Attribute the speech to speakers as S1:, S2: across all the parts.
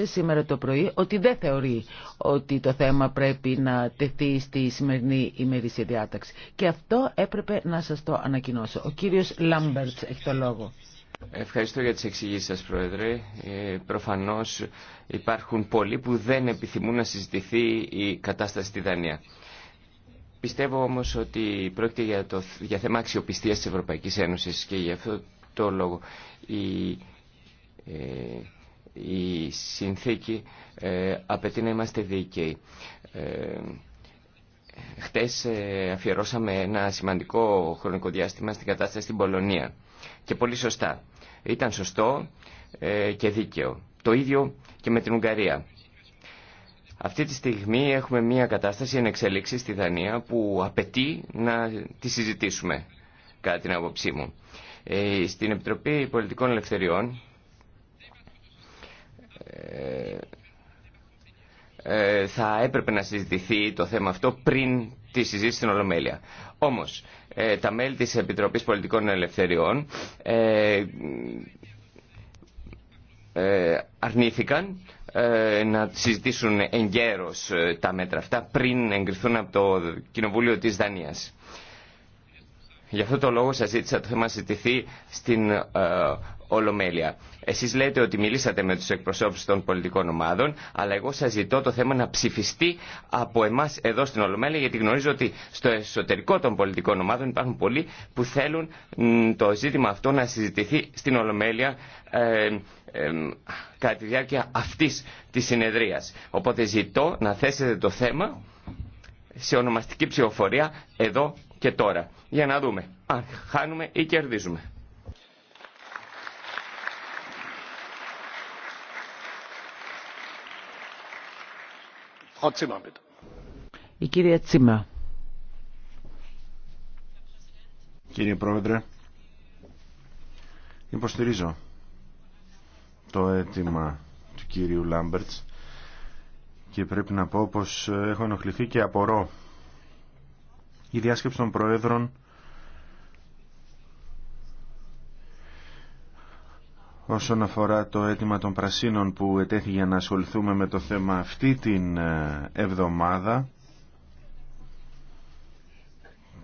S1: σήμερα το πρωί ότι δεν θεωρεί ότι το θέμα πρέπει να τεθεί στη σημερινή ημερήσια διάταξη. Και αυτό έπρεπε να σας το ανακοινώσω. Ο κύριος Λάμπερτς έχει το λόγο.
S2: Ευχαριστώ για τις εξηγήσεις σας, Πρόεδρε. Ε, προφανώς υπάρχουν πολλοί που δεν επιθυμούν να συζητηθεί η κατάσταση στη Δανία. Πιστεύω όμως ότι πρόκειται για, το, για θέμα αξιοπιστίας της Ευρωπαϊκής Ένωσης και γι' αυτό το λόγο η, ε, η συνθήκη ε, απαιτεί να είμαστε δίκαιοι. Ε, χτες ε, αφιερώσαμε ένα σημαντικό χρονικό διάστημα στην κατάσταση στην Πολωνία και πολύ σωστά. Ήταν σωστό και δίκαιο. Το ίδιο και με την Ουγγαρία. Αυτή τη στιγμή έχουμε μια κατάσταση εν εξελίξη στη Δανία που απαιτεί να τη συζητήσουμε, κατά την άποψή μου. Στην Επιτροπή Πολιτικών Ελευθεριών ε, ε, θα έπρεπε να συζητηθεί το θέμα αυτό πριν τη συζήτηση στην Ολομέλεια. Όμως, ε, τα μέλη της Επιτροπής Πολιτικών Ελευθεριών αρνήθηκαν να συζητήσουν εγκαίρως τα μέτρα αυτά πριν εγκριθούν από το Κοινοβούλιο της Δανίας. Γι' αυτό το λόγο σας ζήτησα το θέμα να συζητηθεί στην ε, Ολομέλεια. Εσείς λέτε ότι μιλήσατε με τους εκπροσώπους των πολιτικών ομάδων, αλλά εγώ σας ζητώ το θέμα να ψηφιστεί από εμάς εδώ στην Ολομέλεια, γιατί γνωρίζω ότι στο εσωτερικό των πολιτικών ομάδων υπάρχουν πολλοί που θέλουν το ζήτημα αυτό να συζητηθεί στην Ολομέλεια ε, ε, κατά τη διάρκεια αυτής της συνεδρίας. Οπότε ζητώ να θέσετε το θέμα σε ονομαστική ψηφοφορία εδώ και τώρα. Για να δούμε αν χάνουμε ή κερδίζουμε.
S1: Η κυρία Τσίμα. Κύριε Πρόεδρε,
S3: υποστηρίζω το αίτημα του κύριου Λάμπερτς και πρέπει να πω πως έχω ενοχληθεί και απορώ η διάσκεψη των Προέδρων όσον αφορά το αίτημα των Πρασίνων που ετέθη για να ασχοληθούμε με το θέμα αυτή την ε, εβδομάδα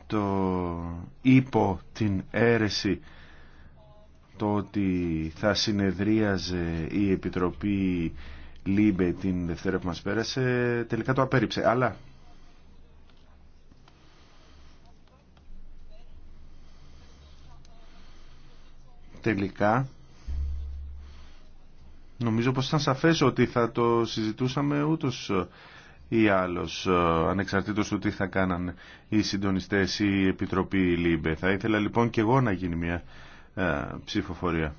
S3: το υπό την αίρεση το ότι θα συνεδρίαζε η Επιτροπή Λίμπε την Δευτέρα που μας πέρασε τελικά το απέριψε αλλά τελικά νομίζω πως ήταν σαφές ότι θα το συζητούσαμε ούτως ή άλλος ανεξαρτήτως του τι θα κάναν οι συντονιστές ή η Επιτροπή ΛΥΜΠΕ. Θα ήθελα λοιπόν και εγώ να γίνει μια ε, ψηφοφορία.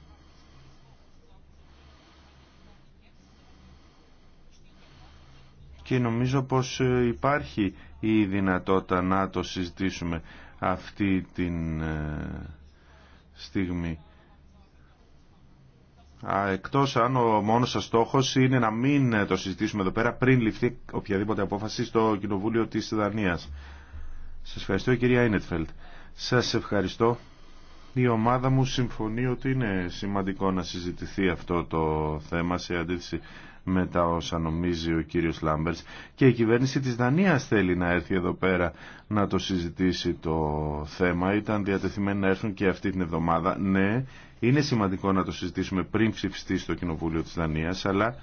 S3: και νομίζω πως ε, υπάρχει η δυνατότητα να το συζητήσουμε αυτή την ε, στιγμή. Εκτό αν ο μόνος σα στόχο είναι να μην ε, το συζητήσουμε εδώ πέρα πριν ληφθεί οποιαδήποτε απόφαση στο Κοινοβούλιο της Δανία. Σας ευχαριστώ κυρία Ίνετφελτ. Σας ευχαριστώ. Η ομάδα μου συμφωνεί ότι είναι σημαντικό να συζητηθεί αυτό το θέμα σε αντίθεση με τα όσα νομίζει ο κύριος Λάμπερς και η κυβέρνηση της Δανίας θέλει να έρθει εδώ πέρα να το συζητήσει το θέμα. Ήταν διατεθειμένοι να έρθουν και αυτή την εβδομάδα. Ναι, είναι σημαντικό να το συζητήσουμε πριν ψηφιστεί στο Κοινοβούλιο της Δανίας, αλλά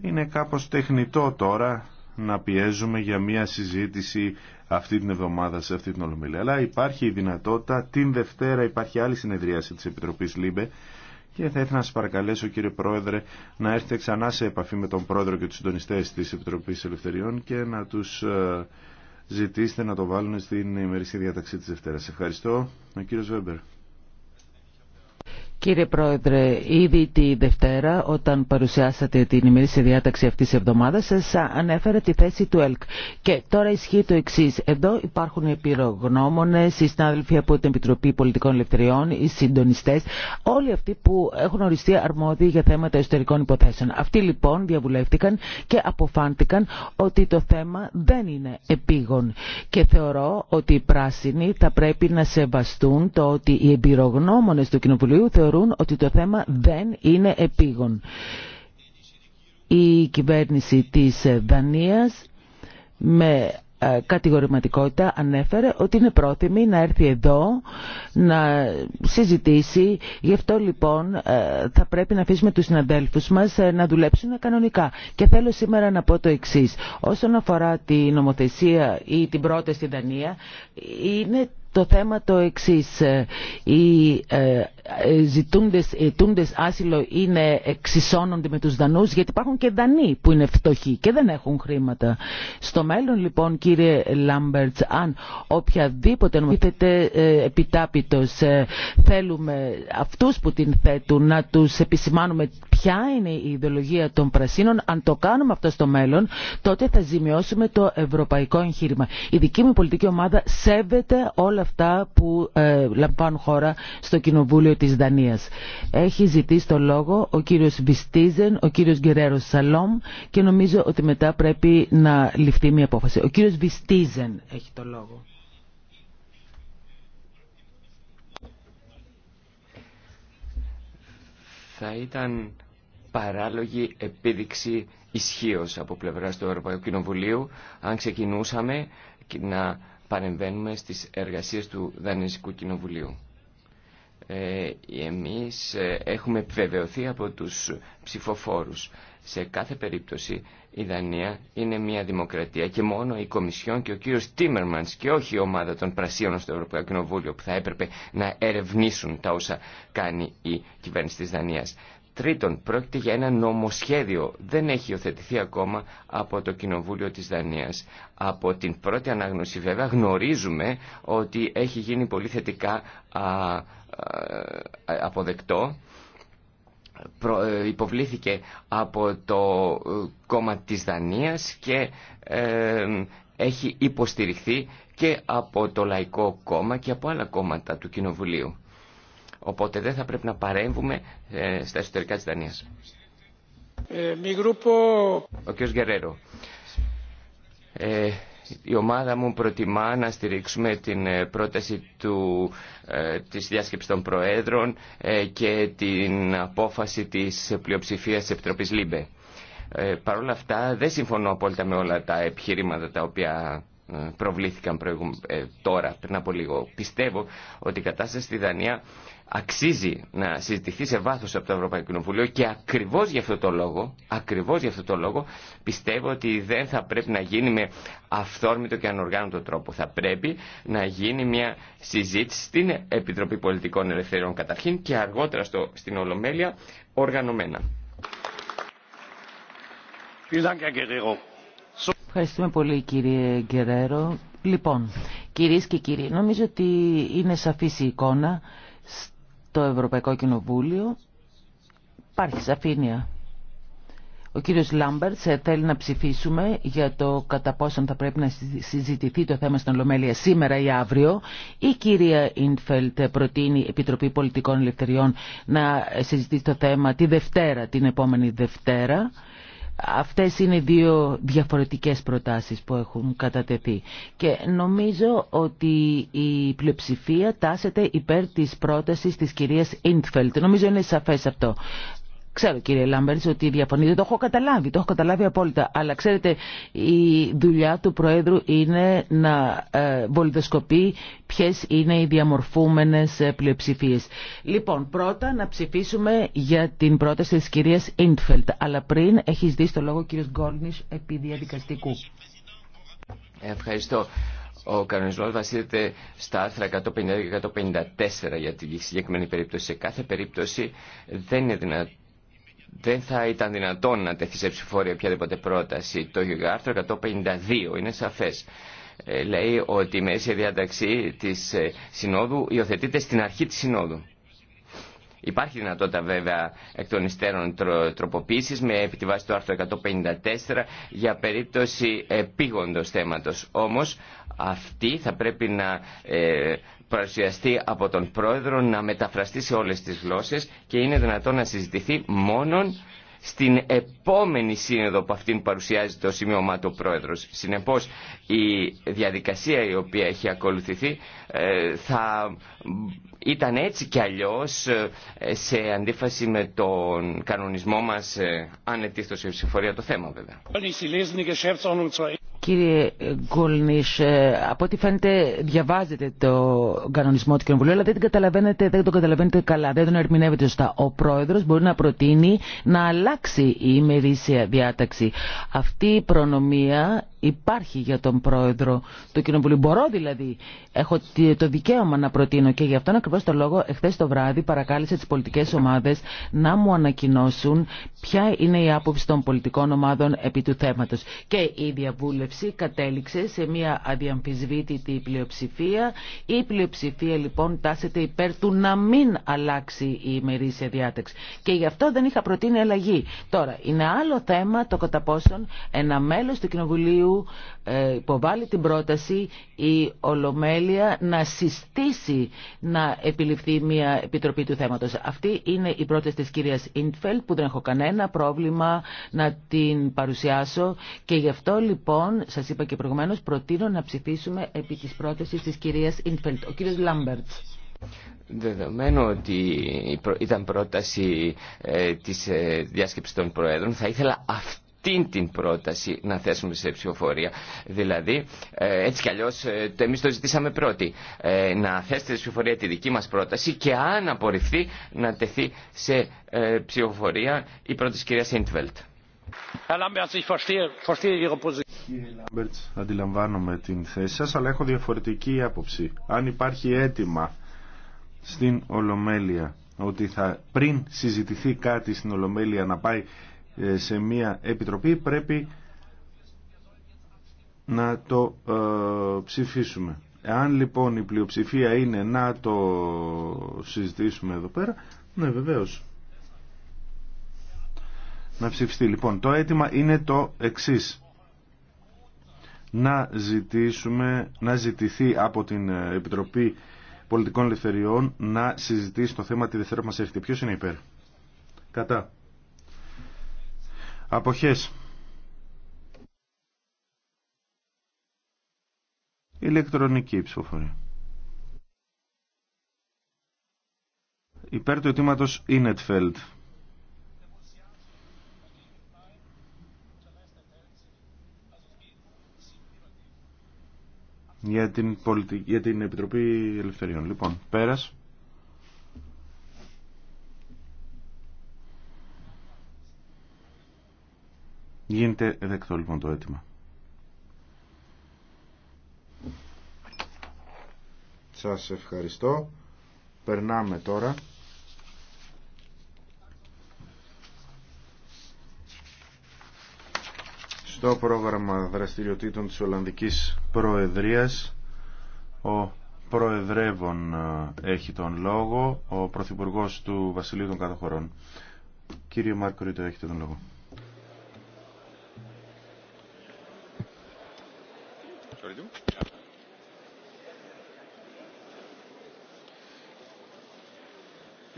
S3: είναι κάπως τεχνητό τώρα να πιέζουμε για μια συζήτηση αυτή την εβδομάδα σε αυτή την ολομιλία. Αλλά υπάρχει η δυνατότητα, την Δευτέρα υπάρχει άλλη συνεδρίαση της Επιτροπής ΛΥΜΠΕ και θα ήθελα να σας παρακαλέσω κύριε Πρόεδρε να έρθετε ξανά σε επαφή με τον Πρόεδρο και τους συντονιστές της Επιτροπής Ελευθεριών και να τους ε, ζητήσετε να το βάλουν στην ημερήσια διαταξή της Δευτέρας. Ευχαριστώ. Ο κύριος Βέμπερ.
S1: Κύριε Πρόεδρε, ήδη τη Δευτέρα όταν παρουσιάσατε την ημερήσια διάταξη αυτή τη εβδομάδα, σα ανέφερα τη θέση του ΕΛΚ. Και τώρα ισχύει το εξή. Εδώ υπάρχουν οι πυρογνώμονε, οι συνάδελφοι από την Επιτροπή Πολιτικών Ελευθεριών, οι συντονιστέ, όλοι αυτοί που έχουν οριστεί αρμόδιοι για θέματα εσωτερικών υποθέσεων. Αυτοί λοιπόν διαβουλεύτηκαν και αποφάντηκαν ότι το θέμα δεν είναι επίγον. Και θεωρώ ότι οι πράσινοι θα πρέπει να σεβαστούν το ότι οι εμπειρογνώμονε του Κοινοβουλίου ότι το θέμα δεν είναι επίγον. Η κυβέρνηση της Δανίας με ε, κατηγορηματικότητα ανέφερε ότι είναι πρόθυμη να έρθει εδώ να συζητήσει. Γι' αυτό λοιπόν ε, θα πρέπει να αφήσουμε τους συναδέλφους μας ε, να δουλέψουν κανονικά. Και θέλω σήμερα να πω το εξής. Όσον αφορά την νομοθεσία ή την πρόταση στη Δανία, είναι το θέμα το εξή. Ε, οι ε, ε ζητούντες, ε, άσυλο είναι εξισώνονται με τους δανούς γιατί υπάρχουν και δανείοι που είναι φτωχοί και δεν έχουν χρήματα. Στο μέλλον λοιπόν κύριε Λάμπερτ, αν οποιαδήποτε νομίζετε επιτάπητος θέλουμε αυτούς που την θέτουν να τους επισημάνουμε ποια είναι η ιδεολογία των πρασίνων αν το κάνουμε αυτό στο μέλλον τότε θα ζημιώσουμε το ευρωπαϊκό εγχείρημα. Η δική μου πολιτική ομάδα σέβεται όλα αυτά αυτά που ε, λαμβάνουν χώρα στο Κοινοβούλιο της Δανίας. Έχει ζητήσει το λόγο ο κύριος Βιστίζεν, ο κύριος Γκερέρος Σαλόμ και νομίζω ότι μετά πρέπει να ληφθεί μια απόφαση. Ο κύριος Βιστίζεν έχει το λόγο.
S2: Θα ήταν παράλογη επίδειξη ισχύω από πλευράς του Ευρωπαϊκού Κοινοβουλίου αν ξεκινούσαμε να παρεμβαίνουμε στις εργασίες του Δανεισικού Κοινοβουλίου. Ε, εμείς ε, έχουμε επιβεβαιωθεί από τους ψηφοφόρους. Σε κάθε περίπτωση η Δανία είναι μια δημοκρατία και μόνο η Κομισιόν και ο κύριος Τίμερμανς και όχι η ομάδα των Πρασίων στο Ευρωπαϊκό Κοινοβούλιο που θα έπρεπε να ερευνήσουν τα όσα κάνει η κυβέρνηση της Δανίας. Τρίτον, πρόκειται για ένα νομοσχέδιο. Δεν έχει υιοθετηθεί ακόμα από το Κοινοβούλιο της Δανίας. Από την πρώτη ανάγνωση βέβαια γνωρίζουμε ότι έχει γίνει πολύ θετικά αποδεκτό. Ε, υποβλήθηκε από το ε, κόμμα της Δανίας και ε, έχει υποστηριχθεί και από το Λαϊκό Κόμμα και από άλλα κόμματα του Κοινοβουλίου. Οπότε δεν θα πρέπει να παρέμβουμε ε, στα εσωτερικά της Δανίας. Ε, Ο κ. Γκερέρο. Ε, η ομάδα μου προτιμά να στηρίξουμε την πρόταση του, ε, της διάσκεψης των Προέδρων και την απόφαση της πλειοψηφίας της Επιτροπής ΛΥΜΠΕ. Παρ' όλα αυτά δεν συμφωνώ απόλυτα με όλα τα επιχειρήματα τα οποία ε, προβλήθηκαν ε, τώρα, πριν από λίγο. Πιστεύω ότι η κατάσταση στη Δανία αξίζει να συζητηθεί σε βάθος από το Ευρωπαϊκό Κοινοβουλίο και ακριβώς για αυτό το λόγο, ακριβώς για αυτό το λόγο πιστεύω ότι δεν θα πρέπει να γίνει με αυθόρμητο και ανοργάνωτο τρόπο. Θα πρέπει να γίνει μια συζήτηση στην Επιτροπή Πολιτικών Ελευθεριών καταρχήν και αργότερα στο, στην Ολομέλεια οργανωμένα. Vielen Dank,
S1: Ευχαριστούμε πολύ κύριε Γκερέρο. Λοιπόν, κυρίες και κύριοι, νομίζω ότι είναι σαφής η εικόνα στο Ευρωπαϊκό Κοινοβούλιο. Υπάρχει σαφήνεια. Ο κύριος Λάμπερτς ε, θέλει να ψηφίσουμε για το κατά πόσον θα πρέπει να συζητηθεί το θέμα στην Ολομέλεια σήμερα ή αύριο. Η κυρία Ινφελτ προτείνει η κυρια προτείνει προτεινει επιτροπη Ελευθεριών να συζητήσει το θέμα τη Δευτέρα, την επόμενη Δευτέρα. Αυτές είναι δύο διαφορετικές προτάσεις που έχουν κατατεθεί και νομίζω ότι η πλειοψηφία τάσεται υπέρ της πρότασης της κυρίας Ιντφελτ. Νομίζω είναι σαφές αυτό. Ξέρω κύριε Λάμπερτς ότι διαφωνείτε, το έχω καταλάβει, το έχω καταλάβει απόλυτα. Αλλά ξέρετε η δουλειά του Προέδρου είναι να ε, βολιδοσκοπεί ποιε είναι οι διαμορφούμενε ε, πλειοψηφίε. Λοιπόν, πρώτα να ψηφίσουμε για την πρόταση τη κυρία Ιντφελτ. Αλλά πριν έχει δει το λόγο ο κύριος επί διαδικαστικού.
S2: Ευχαριστώ. Ο κανονισμό βασίζεται στα άρθρα 150 και 154 για τη συγκεκριμένη περίπτωση. Σε κάθε περίπτωση δεν είναι δυνατόν δεν θα ήταν δυνατόν να τεθεί σε ψηφόρια οποιαδήποτε πρόταση. Το άρθρο 152 είναι σαφές. Ε, λέει ότι η μέση διάταξη της ε, Συνόδου υιοθετείται στην αρχή της Συνόδου. Υπάρχει δυνατότητα βέβαια εκ των υστέρων τροποποίησης με επιβάση του άρθρου 154 για περίπτωση επίγοντο θέματος. Όμως αυτή θα πρέπει να ε, παρουσιαστεί από τον πρόεδρο να μεταφραστεί σε όλες τις γλώσσες και είναι δυνατόν να συζητηθεί μόνον στην επόμενη σύνοδο που αυτήν παρουσιάζει το σημείωμά του Πρόεδρος. Συνεπώς η διαδικασία η οποία έχει ακολουθηθεί ε, θα ήταν έτσι κι αλλιώς ε, σε αντίφαση με τον κανονισμό μας ε, αν ψηφορία το θέμα βέβαια.
S1: Κύριε Γκολνίς, ε, από ό,τι φαίνεται διαβάζετε το κανονισμό του Κοινοβουλίου, αλλά δεν, καταλαβαίνετε, δεν το καταλαβαίνετε καλά, δεν τον ερμηνεύετε σωστά. Ο πρόεδρος μπορεί να προτείνει να αλλάξει η ημερήσια διάταξη. Αυτή η προνομία υπάρχει για τον πρόεδρο του Κοινοβουλίου. Μπορώ δηλαδή, έχω το δικαίωμα να προτείνω και γι' αυτόν ακριβώ το λόγο εχθέ το βράδυ παρακάλεσε τι πολιτικέ ομάδε να μου ανακοινώσουν ποια είναι η άποψη των πολιτικών ομάδων επί του θέματο. Και η διαβούλευση κατέληξε σε μια αδιαμφισβήτητη πλειοψηφία. Η πλειοψηφία λοιπόν τάσεται υπέρ του να μην αλλάξει η ημερήσια διάταξη. Και γι' αυτό δεν είχα προτείνει αλλαγή. Τώρα, είναι άλλο θέμα το κατά πόσον ένα μέλο του Κοινοβουλίου που ε, υποβάλλει την πρόταση η Ολομέλεια να συστήσει να επιληφθεί μια επιτροπή του θέματος. Αυτή είναι η πρόταση της κυρίας Ιντφελτ που δεν έχω κανένα πρόβλημα να την παρουσιάσω και γι' αυτό λοιπόν σας είπα και προηγουμένως προτείνω να ψηφίσουμε επί της πρότασης της κυρίας Ιντφελ. Ο κύριος Λάμπερτς.
S2: Δεδομένου ότι ήταν πρόταση ε, της ε, διάσκεψης των Προέδρων, θα ήθελα αυτή αυτήν την πρόταση να θέσουμε σε ψηφοφορία. Δηλαδή, ε, έτσι κι αλλιώ, ε, εμεί το ζητήσαμε πρώτοι. Ε, να θέσετε σε ψηφοφορία τη δική μα πρόταση και αν απορριφθεί, να τεθεί σε ψηφοφορία η πρώτη κυρία Σίντβελτ.
S3: Κύριε Λάμπερτ, αντιλαμβάνομαι την θέση σα, αλλά έχω διαφορετική άποψη. Αν υπάρχει αίτημα στην Ολομέλεια ότι θα πριν συζητηθεί κάτι στην Ολομέλεια να πάει ε, σε μια επιτροπή πρέπει να το ε, ψηφίσουμε. Αν λοιπόν η πλειοψηφία είναι να το συζητήσουμε εδώ πέρα, ναι βεβαίως. Να ψηφιστεί. Λοιπόν, το αίτημα είναι το εξής. Να, ζητήσουμε, να ζητηθεί από την ε, Επιτροπή Πολιτικών Ελευθεριών να συζητήσει το θέμα τη δεύτερη μας έρχεται. Ποιος είναι υπέρ. Κατά. Αποχές. Ηλεκτρονική ψηφοφορία. Υπέρ του αιτήματος Ινετφέλτ. Για την, πολιτική, για την Επιτροπή Ελευθεριών. Λοιπόν, πέρας. Γίνεται δεκτό λοιπόν το αίτημα. Σας ευχαριστώ. Περνάμε τώρα. Στο πρόγραμμα δραστηριοτήτων της Ολλανδικής Προεδρίας ο Προεδρεύων ε, έχει τον λόγο, ο Πρωθυπουργός του Βασιλείου των Καταχωρών. Κύριε Μάρκο Ρίτο, έχετε τον λόγο.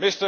S3: mr